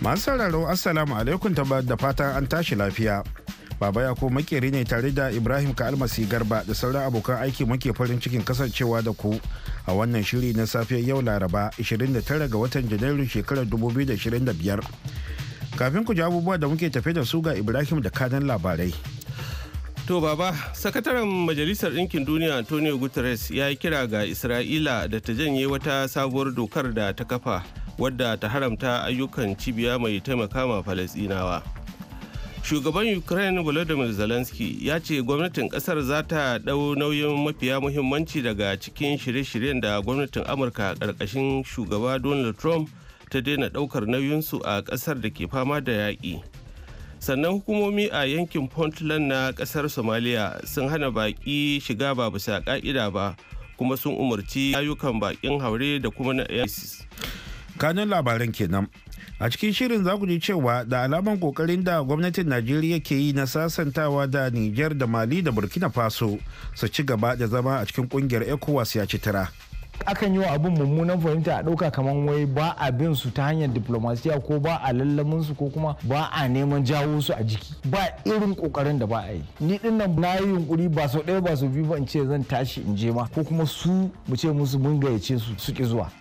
masu sauraro assalamu alaikum ta da fatan an tashi lafiya baba yako makeri ne tare da ibrahim kalmasi garba da sauran abokan aiki muke farin cikin kasancewa da ku a wannan shiri na safiyar yau laraba 29 ga watan janairu shekarar 2025 kafin ku ji abubuwa da muke tafe da su ga ibrahim da kanan labarai To baba, sakataren Majalisar Ɗinkin Duniya Antonio Guterres ya yi kira ga Isra'ila da ta janye wata sabuwar dokar da ta kafa wadda ta haramta ayyukan cibiya mai taimaka ma falasinawa shugaban ukraine volodymyr zelensky ya ce gwamnatin kasar za ta ɗau nauyin mafiya muhimmanci daga cikin shirye-shiryen da gwamnatin amurka ƙarƙashin shugaba donald trump ta daina ɗaukar nauyinsu a ƙasar da ke fama da yaƙi sannan hukumomi a yankin puntland na ƙasar somalia sun hana baƙi shiga ba bisa ƙa'ida ba kuma sun umarci ayyukan baƙin haure da kuma na kanun labaran kenan a cikin shirin za ku ji cewa da alaman kokarin da gwamnatin najeriya ke yi na sasantawa da niger da mali da burkina faso su ci gaba da zama a cikin kungiyar ecowas ya ci tara akan yi wa abin mummunan fahimta a ɗauka kamar wai ba a bin su ta hanyar diplomasiya ko ba a lallamin su ko kuma ba a neman jawo su a jiki ba irin kokarin da ba a yi ni din nan na yi yunkuri ba sau ɗaya ba sau biyu ba in ce zan tashi in je ma ko kuma su mu ce musu mun gayyace su su zuwa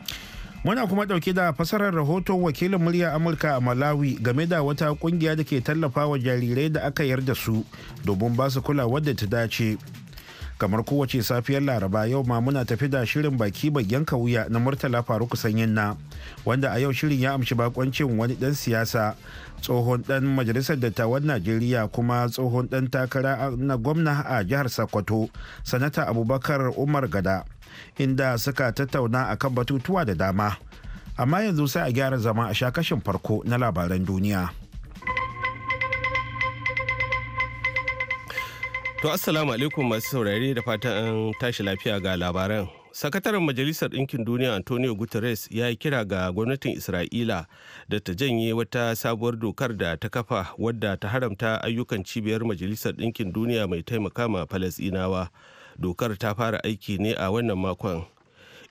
Muna kuma ɗauke da fasarar rahoton wakilin murya Amurka a Malawi game da wata kungiya da ke tallafa wa jarirai da aka yarda su domin ba su kula wadda ta dace. Kamar kowace safiyar Laraba yau ma muna tafi da shirin baki bayan wuya na Murtala Faruk Sanyin na wanda a yau shirin ya amshi bakoncin wani dan siyasa tsohon dan majalisar dattawan Najeriya kuma tsohon dan takara na gwamna a jihar Sokoto sanata Abubakar Umar Gada. inda suka tattauna a kan batutuwa da dama amma yanzu sai a gyara zama a sha farko na labaran duniya to assalamu alaikum masu saurare da fatan an tashi lafiya ga labaran sakataren majalisar ɗinkin duniya antonio guterres ya yi kira ga gwamnatin isra'ila da ta janye wata sabuwar dokar da ta kafa wadda ta haramta ayyukan cibiyar majalisar ɗinkin duniya mai taimaka ma falasɗinawa dokar ta fara aiki ne a wannan makon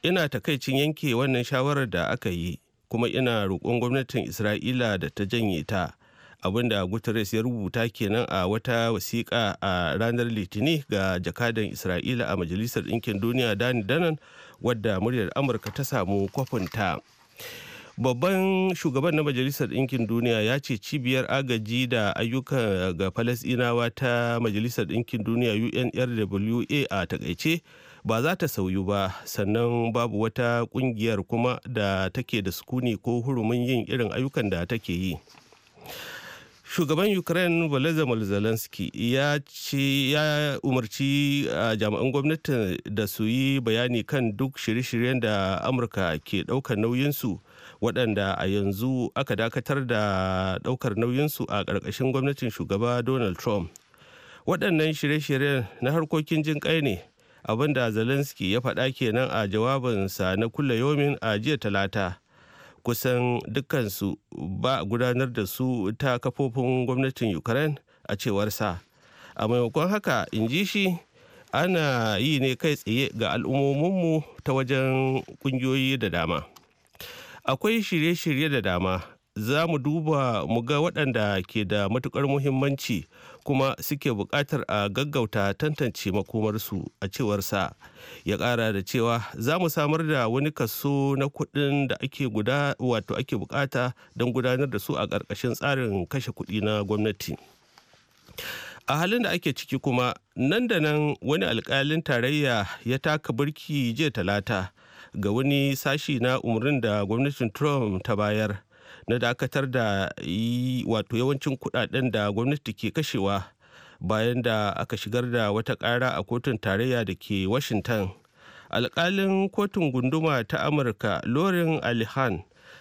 ina takaicin yanke wannan shawarar da aka yi kuma ina roƙon gwamnatin isra'ila da ta janye ta abinda guterres ya rubuta kenan a wata wasiƙa a ranar litini ga jakadan isra'ila a majalisar ɗinkin duniya dani danan wadda muryar amurka ta samu kwafinta. ta babban shugaban na majalisar ɗinkin duniya ya ce cibiyar agaji da ayyuka ga falasɗinawa ta majalisar ɗinkin duniya unrwa a takaice ba za ta sauyu ba sannan babu wata ƙungiyar kuma da take da sukuni ko hurumin yin irin ayyukan da take yi shugaban ukraine volodymyr zelensky ya ce ya umarci jami'an gwamnati da su yi bayani kan duk shirye-shiryen da amurka ke ɗaukar nauyinsu waɗanda a yanzu aka dakatar da ɗaukar nauyinsu a ƙarƙashin gwamnatin shugaba donald trump waɗannan shirye-shiryen na harkokin jin ƙai ne abinda da zelensky ya faɗa kenan a jawabinsa na kulle yomin a jiya talata kusan dukkansu ba a gudanar da su ta kafofin gwamnatin ukraine a cewar sa? a maimakon haka in ji shi ana yi ne kai tsaye ga al'ummominmu ta wajen kungiyoyi da dama akwai shirye-shirye da dama za mu duba mu ga waɗanda ke da matukar muhimmanci kuma suke buƙatar a gaggauta tantance makomarsu a cewarsa ya ƙara da cewa za mu samar da wani kaso na kuɗin da ake guda wato ake buƙata don gudanar da su a ƙarƙashin tsarin kashe kuɗi na gwamnati a halin da ake ciki kuma nan da nan wani alkalin tarayya ya taka birki jiya talata ga wani sashi na umarnin da gwamnatin trump ta bayar na dakatar da yi wato yawancin kudaden da gwamnati ke kashewa bayan da aka shigar da wata kara a kotun tarayya da ke washington alkalin kotun gunduma ta amurka lorin alihan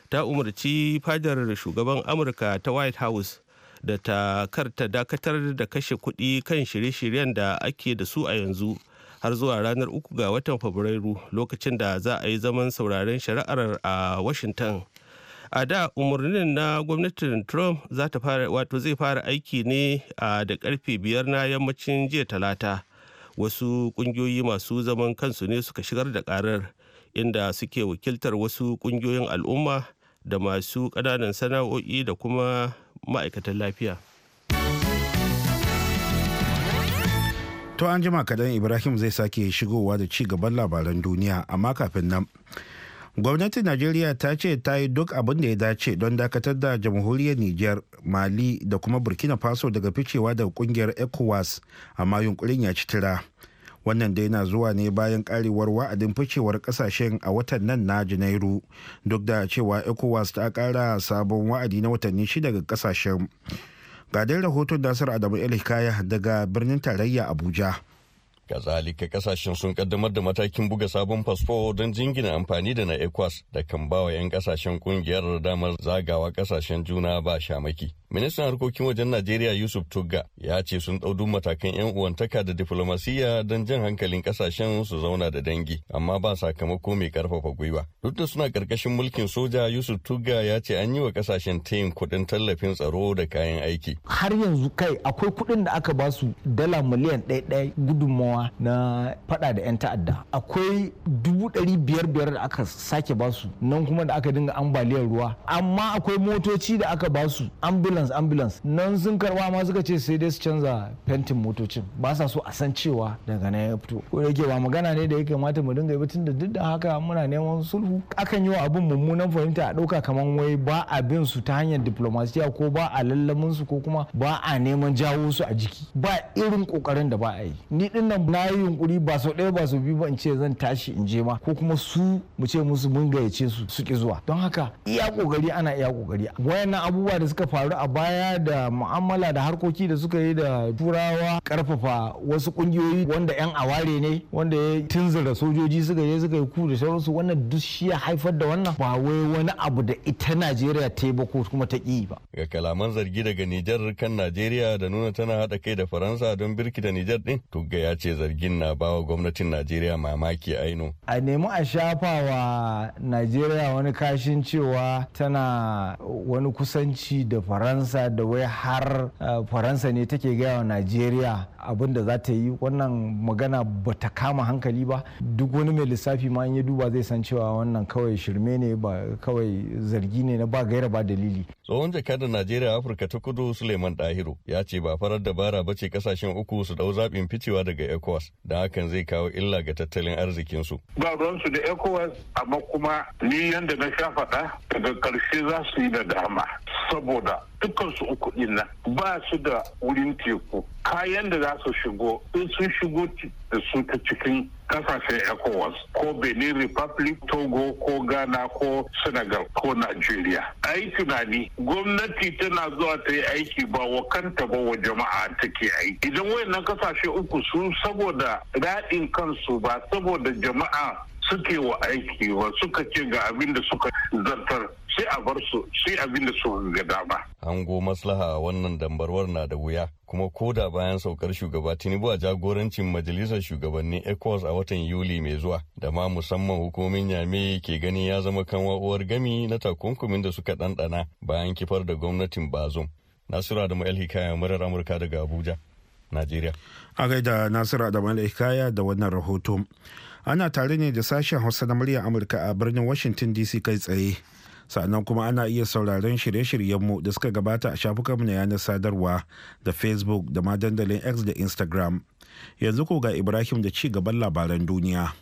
ta umarci fadar shugaban amurka ta white house da ta karta dakatar da kashe kuɗi kan shirye-shiryen da ake da su a yanzu har zuwa ranar uku ga watan fabrairu lokacin da za a yi zaman sauraren shari'ar a washington a da umarnin na gwamnatin trump za zai fara aiki ne da karfe biyar na yammacin jiya talata wasu kungiyoyi masu zaman kansu ne suka shigar da karar inda suke wakiltar wasu kungiyoyin al'umma da masu ƙananan sana'o'i da kuma ma'aikatan lafiya to an jima kadan ibrahim zai sake shigowa da ci gaban labaran duniya amma kafin nan gwamnatin najeriya ta ce ta yi duk abin da ya dace don dakatar da jamhuriyar nijar mali da kuma burkina faso daga ficewa da kungiyar ecowas amma yunkurin ya ci tira wannan dai na zuwa ne bayan karewar wa'adin ficewar kasashen a watan nan na janairu duk da cewa ecowas ta kara sabon wa'adi na watanni shida ga kasashen gadin rahoton nasir adamu el daga birnin tarayya abuja kazalika kasashen sun kaddamar da matakin buga sabon fasfo don jingina amfani da na ecuas da kan bawa 'yan kasashen kungiyar damar zagawa kasashen juna ba shamaki ministan harkokin wajen najeriya yusuf tugga ya ce sun ɗau matakan 'yan uwantaka da diflomasiyya don jan hankalin kasashen su zauna da dangi amma ba sakamako mai karfafa gwiwa duk da suna karkashin mulkin soja yusuf tugga ya ce an yi wa kasashen tayin kuɗin tallafin tsaro da kayan aiki har yanzu kai akwai kuɗin da aka ba su dala miliyan ɗaya ɗaya gudunmawa gudunmawa na fada da 'yan ta'adda akwai dubu ɗari biyar biyar da aka sake basu nan kuma da aka dinga ambaliyar ruwa amma akwai motoci da aka basu ambulance ambulance nan sun karba ma suka ce sai dai su canza fentin motocin ba sa so a san cewa daga nan ya fito ko yake ba magana ne da ya kamata mu dinga yi tun da duk da haka muna neman sulhu akan yi wa abin mummunan fahimta a ɗauka kamar wai ba a bin su ta hanyar diplomasiya ko ba a lallamin su ko kuma ba a neman jawo su a jiki ba irin kokarin da ba a yi ni dinnan na yi yunkuri ba sau ɗaya ba sau biyu ba in ce zan tashi in je ma ko kuma su mu ce musu mun gayyace su su zuwa don haka iya kokari ana iya kokari wayannan abubuwa da suka faru a baya da mu'amala da harkoki da suka yi da turawa karfafa wasu kungiyoyi wanda yan aware ne wanda ya tunzura sojoji suka je suka yi ku da sauransu wannan duk shi ya haifar da wannan ba wai wani abu da ita Najeriya ta yi ba ko kuma ta ƙi ba. Ga kalaman zargi daga Nijar kan Najeriya da nuna tana hada kai da Faransa don birkita Nijar to ga ya ce zargin na bawa gwamnatin najeriya mamaki aino a nemi a shafawa najeriya wani kashin cewa tana wani kusanci da faransa da wai har eh, faransa ne take gaya wa najeriya abin da za ta yi wannan magana ba ta kama hankali ba duk wani mai lissafi ma in ya duba zai san cewa wannan kawai shirme ne ba kawai zargi ne na ba gaira ba dalili tsohon jakadar najeriya afirka ta kudu suleiman dahiru ya ce ba farar dabara ba ce kasashen uku su dau zaɓin ficewa daga ecowas da hakan zai kawo illa ga tattalin arzikinsu ba ruwan su da ecowas amma kuma ni yadda na sha faɗa daga ƙarshe za su yi da dama saboda dukkan su uku din ba su da wurin teku kayan da za su shigo in sun shigo da su ta cikin kasashen ecowas ko benin republic togo ko ghana ko senegal ko nigeria a yi tunani gwamnati tana zuwa ta yi aiki ba wa kanta ba wa jama'a ta ke aiki idan wayannan kasashe uku su saboda daɗin kansu ba saboda jama'a suke wa aiki ba suka ce ga abin da suka zartar sai a bar su a abin da su ga dama. An go maslaha wannan dambarwar na da wuya kuma ko da bayan saukar shugaba Tinubu a jagorancin majalisar shugabannin ECOWAS a watan Yuli mai zuwa da ma musamman hukumomin Yame ke gani ya zama kan uwar gami na takunkumin da suka ɗanɗana bayan kifar da gwamnatin Bazum. Nasura da Ma'el Hikaya murar Amurka daga Abuja, Najeriya. A gaida Nasura da Ma'el Hikaya da wannan rahoto. Ana tare ne da sashen Hausa na muryar Amurka a birnin Washington DC kai tsaye. sannan kuma ana iya sauraron shirye-shiryenmu da suka gabata a shafukanmu na yanar sadarwa da facebook da ma dandalin x da instagram yanzu ko ga ibrahim da ci gaban labaran duniya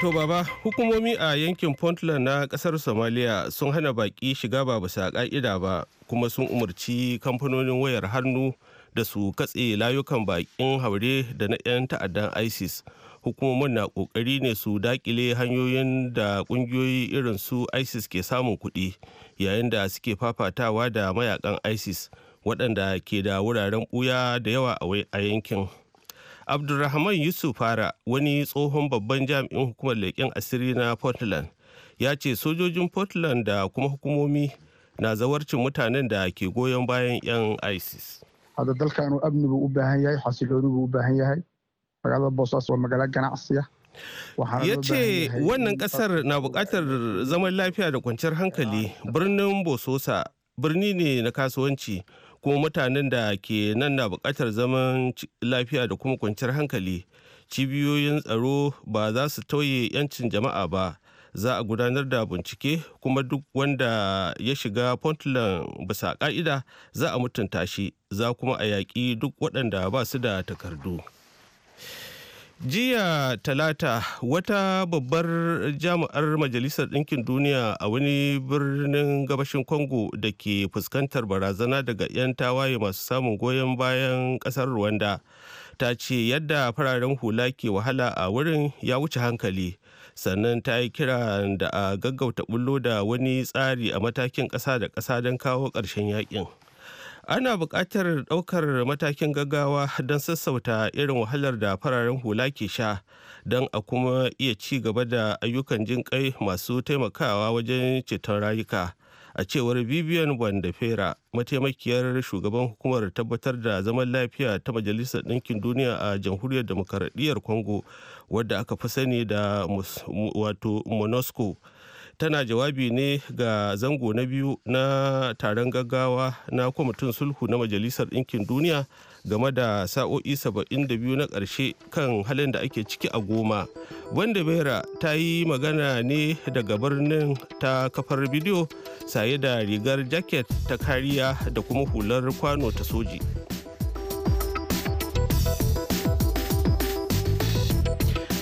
to baba hukumomi a yankin puntland na kasar somalia sun hana baki shiga ba bisa ka'ida ba kuma sun umarci kamfanonin wayar hannu da su katse layukan bakin haure da na 'yan ta'addan isis hukumomin na kokari ne su dakile hanyoyin da kungiyoyi irin su isis ke samun kuɗi yayin da suke fafatawa da mayakan isis waɗanda ke da wuraren ɓuya da yawa a yankin abdulrahman yusuf fara wani tsohon babban jami'in hukumar leƙen asiri na portland ya ce sojojin portland da kuma hukumomi na zawarcin mutanen da ke goyon bayan 'yan isis magaalada ah. ya ce wannan ƙasar na bukatar zaman lafiya da kwanciyar hankali birnin bososa birni ne na kasuwanci kuma mutanen da ke nan na bukatar zaman lafiya da kuma kwanciyar hankali cibiyoyin tsaro ba za su tauye 'yancin jama'a ba za a gudanar da bincike kuma duk wanda ya shiga puntland bisa ƙa'ida za a mutunta shi za kuma a yaƙi duk waɗanda ba su da takardu. jiya talata wata babbar jami'ar majalisar ɗinkin duniya a wani birnin gabashin congo da ke fuskantar barazana daga 'yan tawaye masu samun goyon bayan ƙasar rwanda ta ce yadda fararen hula ke wahala a wurin ya wuce hankali sannan ta yi kira da a gaggauta bullo da wani tsari a matakin ƙasa da ƙasa don kawo ƙarshen yakin. ana buƙatar ɗaukar matakin gaggawa don sassauta irin wahalar da fararen hula ke sha don a kuma iya ci gaba da ayyukan jin kai masu taimakawa wajen ceton rayuka a cewar vivian bandafera mataimakiyar shugaban hukumar tabbatar da zaman lafiya ta majalisar ɗinkin duniya a jamhuriyar demokaradiyyar congo wadda aka fi sani da wato monusco tana jawabi ne ga zango na biyu na taron gaggawa na kwamitin sulhu na majalisar ɗinkin duniya game da sa'o'i 72 na ƙarshe kan halin da ake ciki a goma wanda bera ta yi magana ne daga birnin ta kafar bidiyo saye da rigar jacket ta kariya da kuma hular kwano ta soji.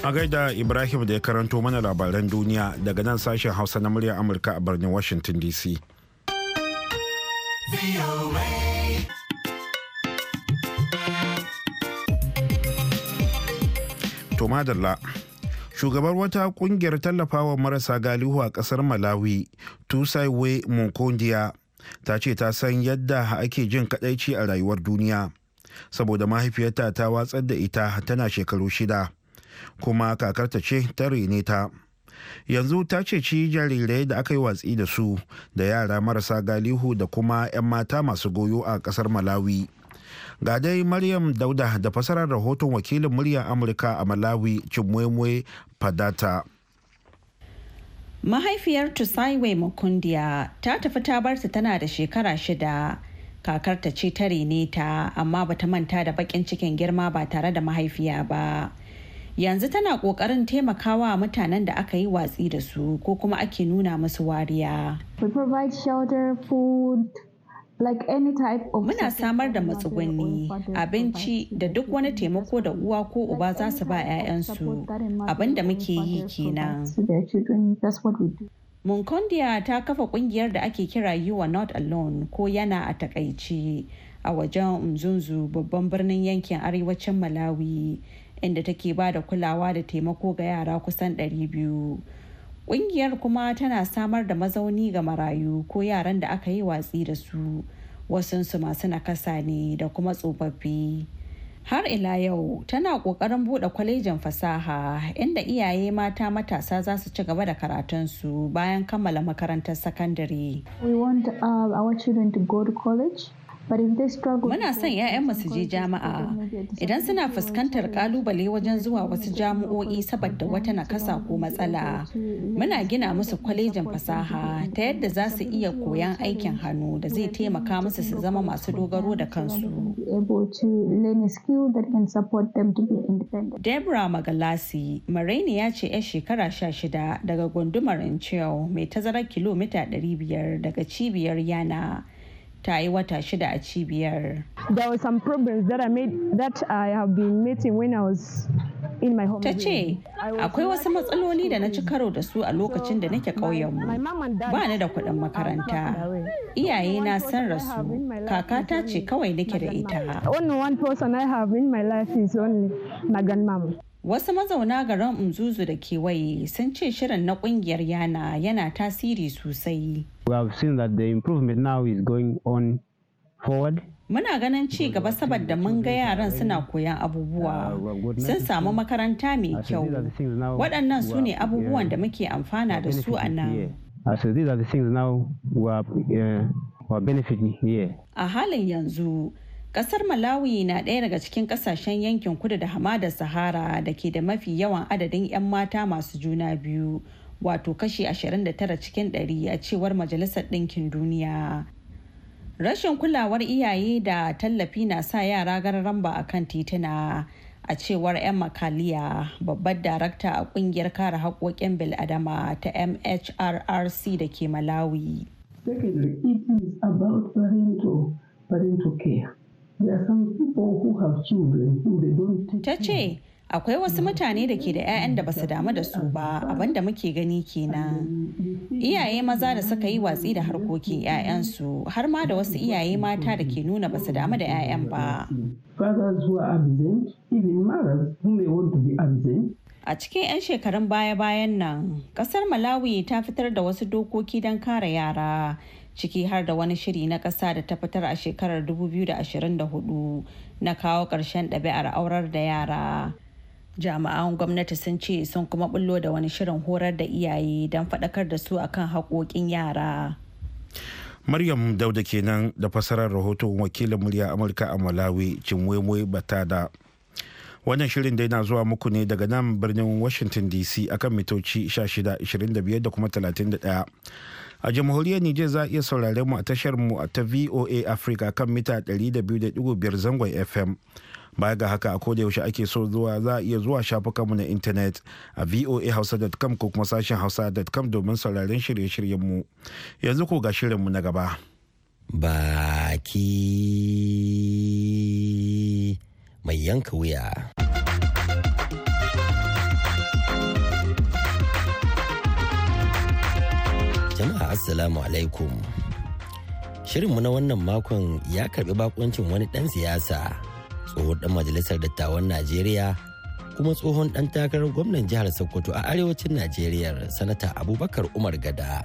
A gaida Ibrahim da ya karanto mana labaran duniya daga nan sashen Hausa na murya Amurka a birnin Washington DC. tomadala shugabar wata kungiyar tallafawa marasa galihu a kasar malawi tusaiwe munkondiya ta ce ta san yadda ake jin kadaici a rayuwar duniya saboda mahaifiyarta ta watsar da ita tana shekaru shida kuma kakarta ce ta rene ta yanzu ta ceci jarirai da aka yi watsi da su da yara marasa galihu da kuma 'yan mata masu goyo a kasar malawi ga dai maryam dauda da fasarar rahoton wakilin muryar amurka a malawi cin cimwemwe fadata mahaifiyar tusaiwe mukundiya ta tafi ta barsa tana da shekara shida kakarta ce ta rene ta amma bata manta da bakin cikin girma ba tare da mahaifiya ba. yanzu tana kokarin taimakawa mutanen da aka yi watsi da su ko kuma ake nuna musu wariya. We provide shelter, food, Like Muna samar da matsugunni, abinci da duk wani taimako da uwa ko uba za su ba 'ya'yansu abin da muke yi kenan. Munkondiya ta kafa kungiyar da ake kira You Are Not Alone ko yana a takaici a wajen Mzunzu babban birnin yankin arewacin Malawi inda take ba da kulawa da taimako ga yara kusan 200 ƙungiyar kuma tana samar da mazauni ga marayu ko yaran da aka yi watsi da su wasunsu masu nakasa ne da kuma tsofaffi har ila yau tana ƙoƙarin buɗe kwalejin fasaha inda iyaye mata matasa za su ci gaba da karatunsu bayan kammala makarantar sakandare. We want uh, our children to go to college Muna son 'ya'yan musu je jama'a idan suna fuskantar kalubale wajen zuwa wasu jami'o'i saboda wata nakasa ko matsala. Muna gina musu kwalejin fasaha ta yadda za su iya koyan aikin hannu da zai taimaka musu su zama masu dogaro da kansu. Debra Magalasi, Maraini ya ce 'yar shekara 16 daga gundumar Inchew mai tazarar kilomita 500 daga cibiyar Yana. ta yi wata shida a cibiyar. There were some problems that I made that I have been meeting when I was Ta ce, akwai wasu matsaloli da na ci karo da su a lokacin da nake ƙauyenmu. Ba ni da kuɗin makaranta. Iyaye na san rasu, kakata ce kawai nake da ita. Only one person I have in my life is only my grandmama. Wasu mazauna garin Mzuzu da kewaye sun ce shirin na kungiyar yana yana tasiri sosai. We have seen that on forward. Muna ganin ci gaba saboda mun ga yaran suna koyan abubuwa. Ah, sun samu makaranta mai kyau. Waɗannan su ne abubuwan da muke amfana da su a nan. Uh, a halin yanzu, Kasar Malawi na ɗaya daga cikin kasashen yankin kudu da hamada Sahara da ke da mafi yawan adadin 'yan mata masu juna biyu, wato kashi 29 cikin 100 a cewar Majalisar Ɗinkin Duniya. Rashin kulawar iyaye da tallafi na sa yara gararan ba a kan tituna. A cewar 'yan makaliya babbar darakta a ƙungiyar kare haƙoƙin bil'adama ta MHRRC da ke Malawi. Secondly, it is about parental, parental care. Ta ce, akwai wasu mutane da ke da 'ya'yan da basu damu da su ba abinda muke gani kenan iyaye maza da suka yi watsi da harkokin 'ya'yansu har ma da wasu iyaye mata da ke nuna basu damu da 'ya'yan ba fathers A cikin 'yan shekarun baya-bayan nan, kasar Malawi ta fitar da wasu dokoki don kare yara, ciki har da wani shiri na ƙasa da ta fitar a shekarar 2024 na kawo ƙarshen ɗabi'ar aurar da yara. Jami'an gwamnati sun ce sun kuma bullo da wani shirin horar da iyaye don faɗakar da su akan haƙoƙin yara. Maryam Dauda kenan da fasarar rahoton wakilin murya Amurka a Malawi, Bata Batada. wannan shirin dai na zuwa muku ne daga nan birnin washington dc akan mitoci 1625 da kuma 31 a jamhuriyar Nijar za a iya saurare mu a tashar mu ta VOA Africa kan mita 200.5 zangon FM. Baya ga haka a koda yaushe ake so zuwa za a iya zuwa shafukanmu na intanet a voahausa.com ko kuma sashen hausa.com domin sauraren shirye-shiryen mu. Yanzu ko ga shirin mu na gaba. Baki mai yanka wuya. Assalamu alaikum. Shirinmu na wannan makon ya karbi bakuncin wani ɗan siyasa, tsohon ɗan majalisar dattawan Najeriya, kuma tsohon ɗan takarar gwamnan jihar Sokoto a arewacin Najeriya, Sanata Abubakar Umar Gada,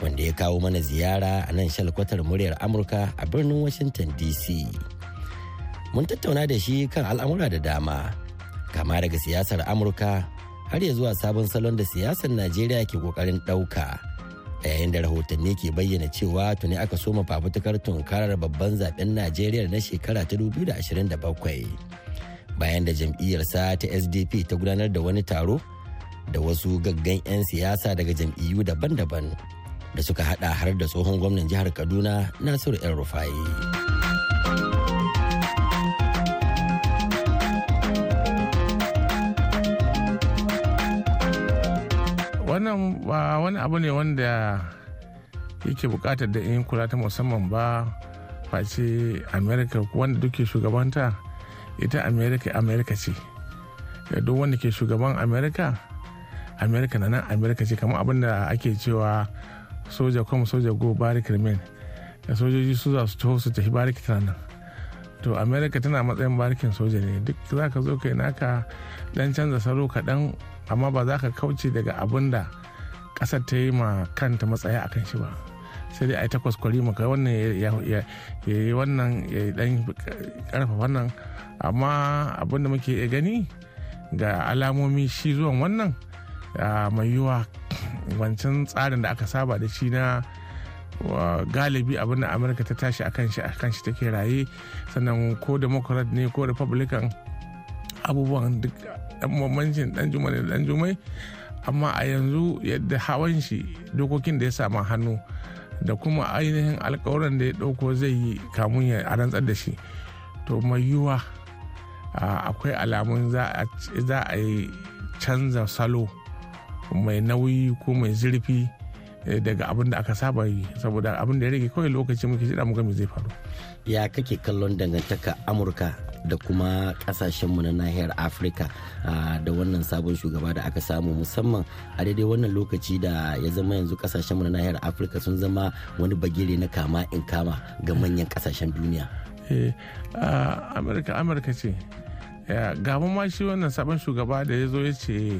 wanda ya kawo mana ziyara a nan shalkwatar muryar Amurka a birnin Washington DC. Mun tattauna da shi kan al'amura da dama, kama daga siyasar Amurka har ya zuwa sabon salon da siyasar Najeriya ke ƙoƙarin ɗauka. yayin da rahotanni ke bayyana cewa tuni aka soma fafutukar tunkarar babban zaben najeriya na shekara ta 2027 bayan da jam'iyyarsa ta sdp ta gudanar da wani taro da wasu gaggan 'yan siyasa daga jam'iyyu daban-daban da suka hada har da tsohon gwamnan jihar kaduna nasiru el rufai wannan ba wani abu ne wanda yake bukatar da yin kula ta musamman ba face america wanda duke shugabanta ita america america ce duk wanda ke shugaban america america na nan america ce kamar abin da ake cewa soja kuma soja go barik remain sojoji su za su taho su tafi barik nan to america tana matsayin barkin soja ne duk za ka zo kai naka dan canza salo kaɗan amma ba za ka kauce daga abin da ƙasar ta yi ma kanta matsaya a kan shi ba sai dai a yi takwas kwari maka wannan ya yi wannan ya yi dan karfa wannan amma abin da muke iya gani ga alamomi shi zuwan wannan ah, mai yiwuwa wancan tsarin da aka saba da shi na galibi abin da amurka ta tashi akan shi akan shi take raye sannan ko democrat ne ko republican abubuwan duk mamancin dan juma da dan jumai amma a yanzu yadda hawan shi dokokin da ya samu hannu da kuma ainihin alkawarin da ya dauko zai yi kamun ya a rantsar da shi to mai yiwuwa akwai alamun za a yi canza salo mai nauyi ko mai zurfi Eh, daga abin da aka saba yi saboda abin da ya rage kawai lokaci muke jira mu ga me zai faru ya kake kallon dangantaka amurka da kuma kasashenmu na nahiyar afirka ah, da wannan sabon shugaba da aka samu musamman a daidai wannan lokaci da ya zama yanzu kasashenmu na nahiyar afirka sun zama wani bagire na kama in kama ga manyan kasashen duniya eh, ah, amurka amurka ce gaban ma shi wannan sabon shugaba da ya zo ya ce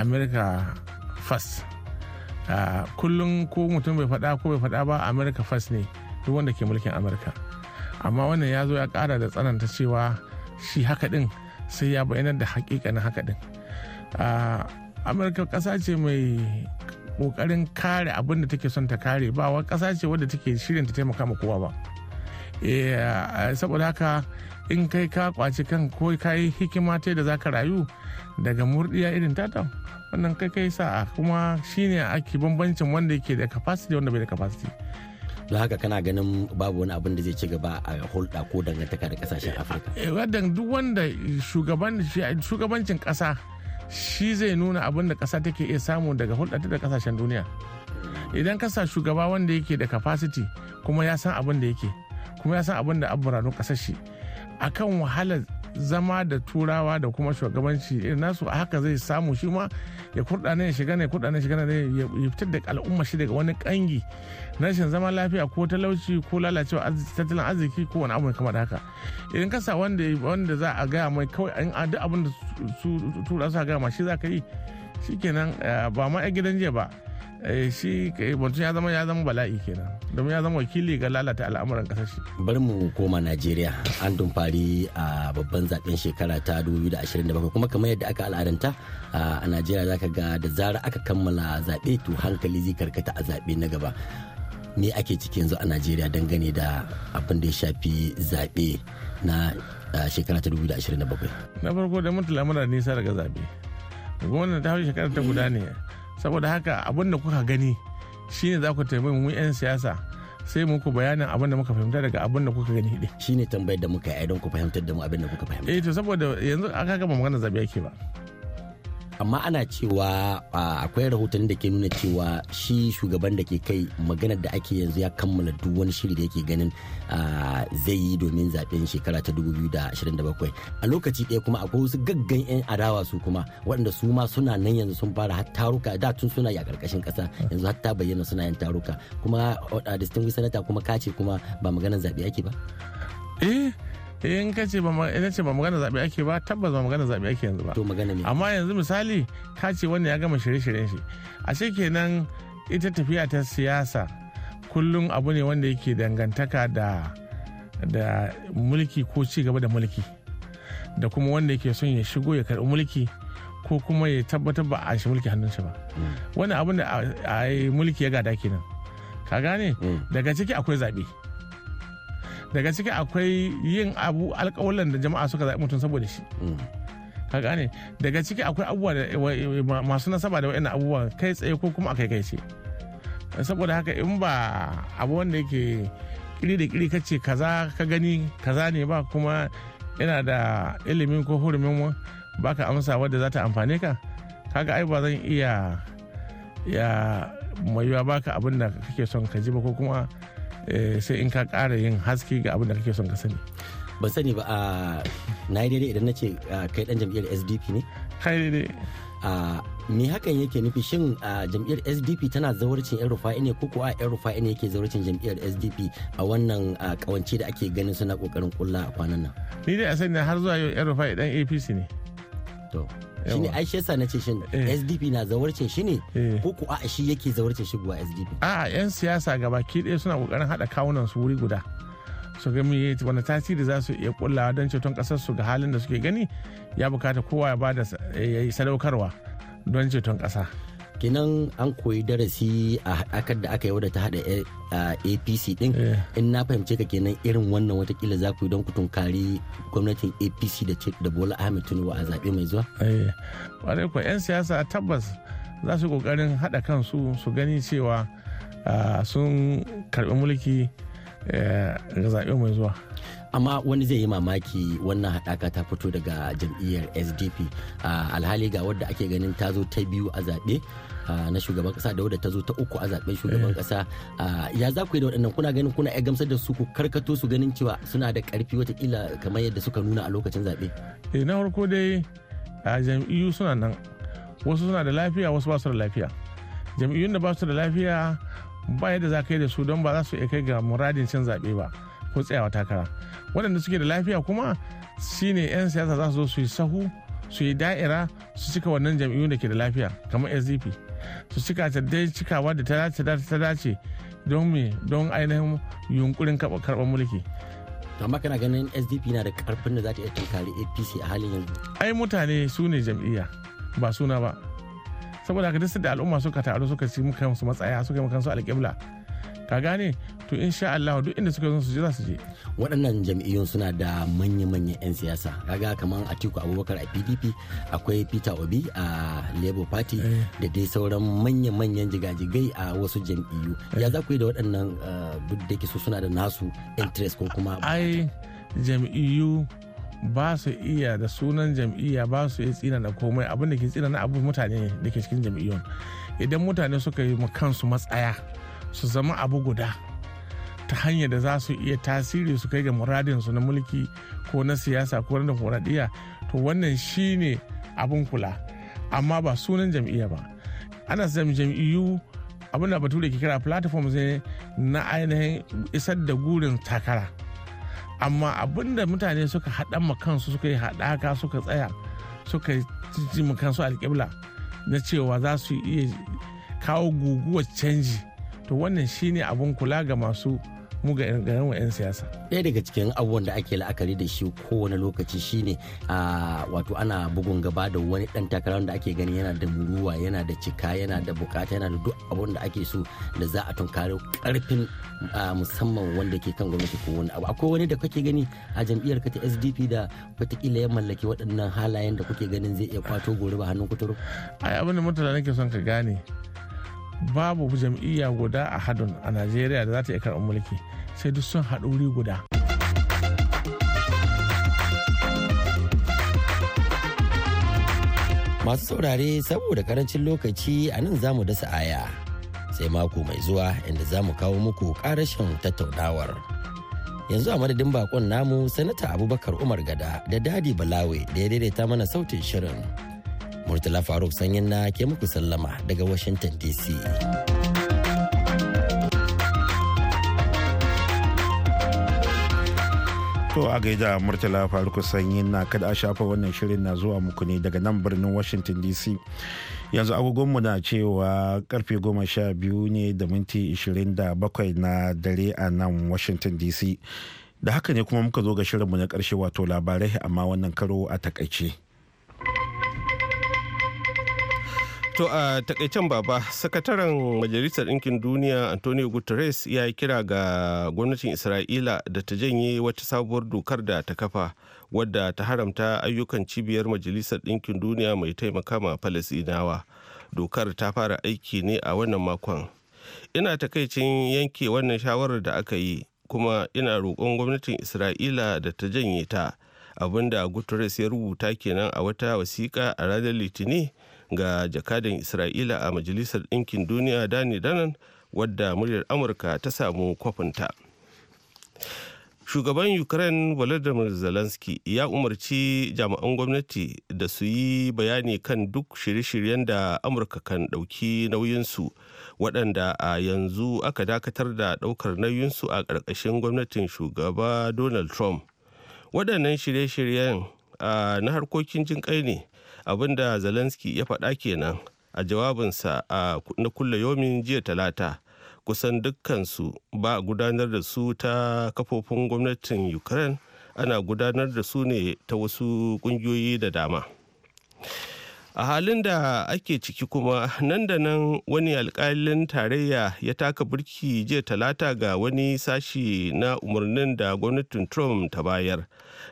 amurka first Ah, kullum ko mutum bai faɗa ko bai faɗa ba america first ne duk wanda ke mulkin amirka. amma wannan ya zo ya kara da tsananta cewa shi haka ɗin sai ya bayyanar da na haka ɗin ah, america ƙasa ce mai ƙoƙarin kare abin da take son ta kare ba wa ƙasa ce wadda take shirin ta taimaka ma kowa ba eh, saboda haka in kai ka kwaci kan ko kai hikima ta da za ka rayu daga murdiya irin tata wannan kai kai sa'a kuma shine ake bambancin wanda yake da capacity wanda bai da capacity don haka kana ganin babu wani abin da zai ci gaba a hulɗa ko dangantaka da kasashen afirka eh, wadan duk wanda shugabancin ƙasa shi zai nuna abin da ƙasa take iya samu daga hulɗa da kasashen duniya idan ka sa shugaba wanda yake da capacity kuma ya san abin da yake kuma ya san abin da abu ƙasar shi akan wahalar zama da turawa da kuma shugabanci irin nasu a haka zai samu shi ma ya kurda shiga ne kurda ne shiga ne ya fitar da al'umma shi daga wani kangi na rashin zama lafiya ko talauci ko lalacewa tattalin arziki ko wani abu kamar haka idan ka sa wanda wanda za a gaya mai kawai an duk abin da su tura su a gaya ma shi za ka yi shikenan eh, ba ma gidan jiya ba Eh, shi mutum eh, ya zama ya zama bala'i kenan domin ya zama wakili ga lalata al'amuran kasar shi bari mu koma najeriya an dumfari a babban zaben shekara ta 2027 kuma kamar yadda aka al'adanta a najeriya zaka ga da zara aka kammala zaɓe to hankali zai karkata a zaɓe na gaba me ake cikin zo a najeriya dangane da abin da ya shafi zaɓe na shekara ta 2027 na farko da mutu lamura nisa daga zaɓe gwamnati ta hau shekara ta guda ne saboda haka abin da kuka gani shine za ku taimaki mu 'yan siyasa sai muku bayanin abin da muka fahimta daga abin da kuka gani ne shine tambayar da muka yi don ku fahimtar da mu abin da kuka fahimta eh to saboda yanzu aka gama magana zabe yake ba amma ana cewa akwai rahoton da ke nuna cewa shi shugaban da ke kai maganar da ake yanzu ya kammala duk wani shiri da yake ganin zai yi domin zaben shekara ta 2027 a lokaci ɗaya kuma akwai wasu gaggan 'yan adawa su kuma waɗanda su ma suna nan yanzu sun fara har taruka da tun suna yi a ƙarƙashin ƙasa yanzu har ta bayyana suna yin taruka kuma distinguished senator kuma kace kuma ba maganar zaɓe ake ba eh Eh, in ka ce ba ba magana zaɓe ake ba tabbas ba magana zaɓe ake yanzu ba to amma yanzu misali ka ce wannan ya gama shirye-shiryen shi ce kenan ita tafiya ta siyasa kullum abu ne wanda yake dangantaka da da mulki ko ci gaba da mulki da kuma wanda yake son ya shigo ya karɓi mulki ko kuma ya tabbatar ba a shi mulki hannun shi ba hmm. wani abin da a mulki ya gada kenan ka gane hmm. daga ciki akwai zaɓe daga ciki akwai yin abu alkawalan da jama'a suka zaɓi mutum saboda shi mm. ka gane daga ciki akwai abubuwa masu nasaba da wa'in abubuwa kai tsaye ko kuma akai kai ce saboda haka in ba abu wanda yake kiri da kiri kace kaza ka gani kaza ne ba kuma yana da ilimin ko hurumin baka amsa wadda za ta amfane ka kaga ai ba zan iya ya mai baka abin da kake son ka ji ba ko kuma Eh, sai in ka Kara yin haske ga abin da kake son ka sani ban sani ba na yi daidai idan na ce kai dan jam'iyyar sdp ne kai daidai me hakan yake nufi shin jam'iyyar sdp tana zawarcin yan rufa'i ne ko kuwa yan rufa'i ne yake zawarcin jam'iyyar sdp a wannan kawance da ake ganin suna kokarin kulla a kwanan nan ni dai a sani har zuwa yau yan rufa'i dan apc ne shine ai shi yasa nace shin eh. SDP na zawarcin shi ne eh. ko ku a shi yake zawarcin shi guwa SDP a yan siyasa gabaki ɗaya suna kokarin hada kawunan su wuri guda su ga me wani tasiri za su iya kullawa don ceton kasar su ga halin da suke gani ya bukata kowa ya bada sadaukarwa don ceton kasa kenan an koyi darasi a akar da aka yi wadda ta hada eh, apc din eh. in na fahimce ka kenan irin wannan watakila za ku yi don ku tunkari gwamnatin apc da bola ahmed tinubu a zaɓe mai zuwa eh, ƙwarai ko 'yan siyasa tabbas za su ƙoƙarin haɗa kansu su gani cewa sun karɓi mulki ga zaɓe mai zuwa amma wani zai yi mamaki wannan haɗaka ta fito daga jam'iyyar sdp alhali ga wadda ake ganin ta zo ta biyu a zaɓe na shugaban kasa da wadda ta zo ta uku a zaben shugaban eh. kasa ya za ku yi da waɗannan kuna ganin kuna iya gamsar da su ku karkato su ganin cewa suna da ƙarfi watakila kamar yadda suka nuna a lokacin zaɓe. Eh, na farko dai a jam'iyyu suna nan wasu suna da lafiya wasu ba su da lafiya jam'iyyun da ba su da lafiya ba yadda za ka yi da su don ba za su iya kai ga muradin cin zaɓe ba ko tsayawa takara waɗanda suke da lafiya kuma shine 'yan siyasa za su zo su yi sahu su yi da'ira su cika wannan jam'iyyun da ke da lafiya kamar sdp su cika ta dai cikawa da ta dace da ta dace don me don ainihin yunkurin karɓar mulki amma kana ganin sdp na da karfin da za ta iya tunkari apc a halin yanzu ai mutane su ne jam'iyya ba suna ba saboda haka duk da al'umma suka taru suka ci muka musu matsaya suka yi su alƙibla ka gane to insha Allah duk inda suka zan su je za su je waɗannan jam'iyyun suna da manya-manyan 'yan siyasa kaga kamar Atiku Abubakar a PDP akwai Peter Obi a Labour Party eh. da dai sauran manya-manyan jigajigai a wasu jam'iyyu eh. ya za ku yi da waɗannan eh, duk da su suna da nasu interest ko kuma ai jam'iyyu ba su iya da sunan jam'iyya ba su iya tsina da komai abin da ke tsina na abu mutane da ke cikin jam'iyyun idan mutane suka yi kansu matsaya su zama abu guda ta hanyar da za su iya tasiri su kai ga muradinsu na mulki ko na siyasa ko na horadiya to wannan shi ne abin kula amma ba sunan jam'iyya ba ana jam'iyyu abin da bature ke kira platform ne na ainihin isar da gurin takara amma abinda mutane suka haɗa kansu suka yi haɗaka suka tsaya suka yi kansu alƙibla na cewa za su iya kawo guguwar canji to wannan shine abin kula ga masu mu ga garin wa 'yan siyasa ɗaya daga cikin abubuwan da ake la'akari da shi kowane lokaci shine a wato ana bugun gaba da wani ɗan takara da ake gani yana da muruwa yana da cika yana da bukata yana da duk abun da ake so da za a tunkari karfin musamman wanda ke kan gwamnati ko wani abu akwai wani da kake gani a jam'iyyar ka ta SDP da watakila ya mallaki waɗannan halayen da kuke ganin zai iya kwato gobe ba hannun kuturu ai abin da mutane nake son ka gane babu jam'iyya guda a hadun a najeriya da za ta iya karɓar mulki sai duk sun haɗu wuri guda masu saurare saboda karancin lokaci a nan za mu dasa aya sai mako mai zuwa inda za mu kawo muku karashin tattaunawar yanzu a madadin bakon namu sanata abubakar umar gada da dadi balawe da ya daidaita mana sautin shirin Murtala Faruk sanyin na ke muku sallama daga Washington DC. To a gaida Murtala Faruk sanyin na kada a shafa wannan shirin na zuwa muku ne daga nan birnin Washington DC. Yanzu agogonmu na cewa karfe goma sha biyu ne da minti ishirin da bakwai na dare a nan Washington DC. Da haka ne kuma muka zo ga shirinmu na karshe wato labarai amma wannan karo a takaice. To a takaicen baba, sakataren Majalisar Ɗinkin Duniya Antonio Guterres ya yi kira ga gwamnatin Isra'ila da ta janye wata sabuwar dokar da ta kafa wadda ta haramta ayyukan cibiyar Majalisar Ɗinkin Duniya mai taimaka ma Falasinawa. Dokar ta fara aiki ne a wannan makon. Ina takaicin yanke wannan shawarar da aka yi kuma ina roƙon gwamnatin Isra'ila da ta janye ta Abin da Guterres ya rubuta kenan a wata wasiƙa a ranar Litinin ga jakadan isra'ila a majalisar ɗinkin duniya dani danan wadda muryar amurka ta samu kwafinta shugaban ukraine volodymyr zelensky ya umarci jami'an gwamnati da su yi bayani kan duk shirye-shiryen da amurka kan ɗauki nauyinsu waɗanda a yanzu aka dakatar da ɗaukar nauyinsu a ƙarƙashin gwamnatin shugaba donald trump waɗannan shirye-shiryen na harkokin jinƙai ne abinda zelensky ya faɗa kenan a jawabinsa a na kulle yomin jiya talata kusan dukkansu ba gudanar da su ta kafofin gwamnatin ukraine ana gudanar da su ne ta wasu kungiyoyi da dama a halin da ake ciki kuma nan da nan wani alkalin tarayya ya taka burki jiya talata ga wani sashi na umarnin da gwamnatin trump ta bayar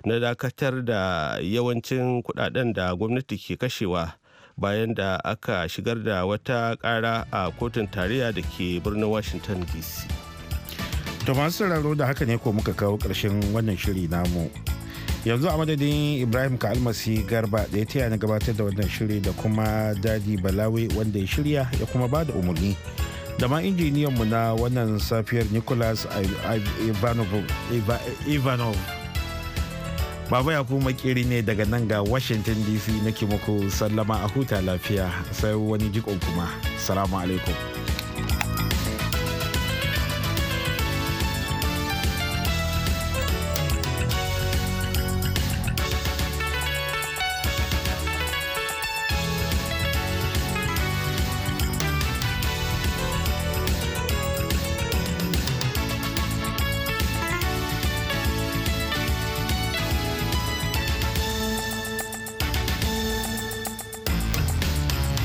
na dakatar da yawancin kudaden da gwamnati ke kashewa bayan da aka shigar da wata kara a kotun tarayya da ke birnin washington dc to masu sauraro da haka ne ko muka kawo karshen wannan shiri namu yanzu a madadin ibrahim almasi garba da ya taya na gabatar da wannan shiri da kuma dadi balawe wanda ya shirya ya kuma ba da umarni da ma injiniyanmu na wannan safiyar nicholas ivanov Baba ya kuma kiri ne daga nan ga Washington DC nake muku sallama a huta lafiya sai wani jikon kuma. Salamu alaikum.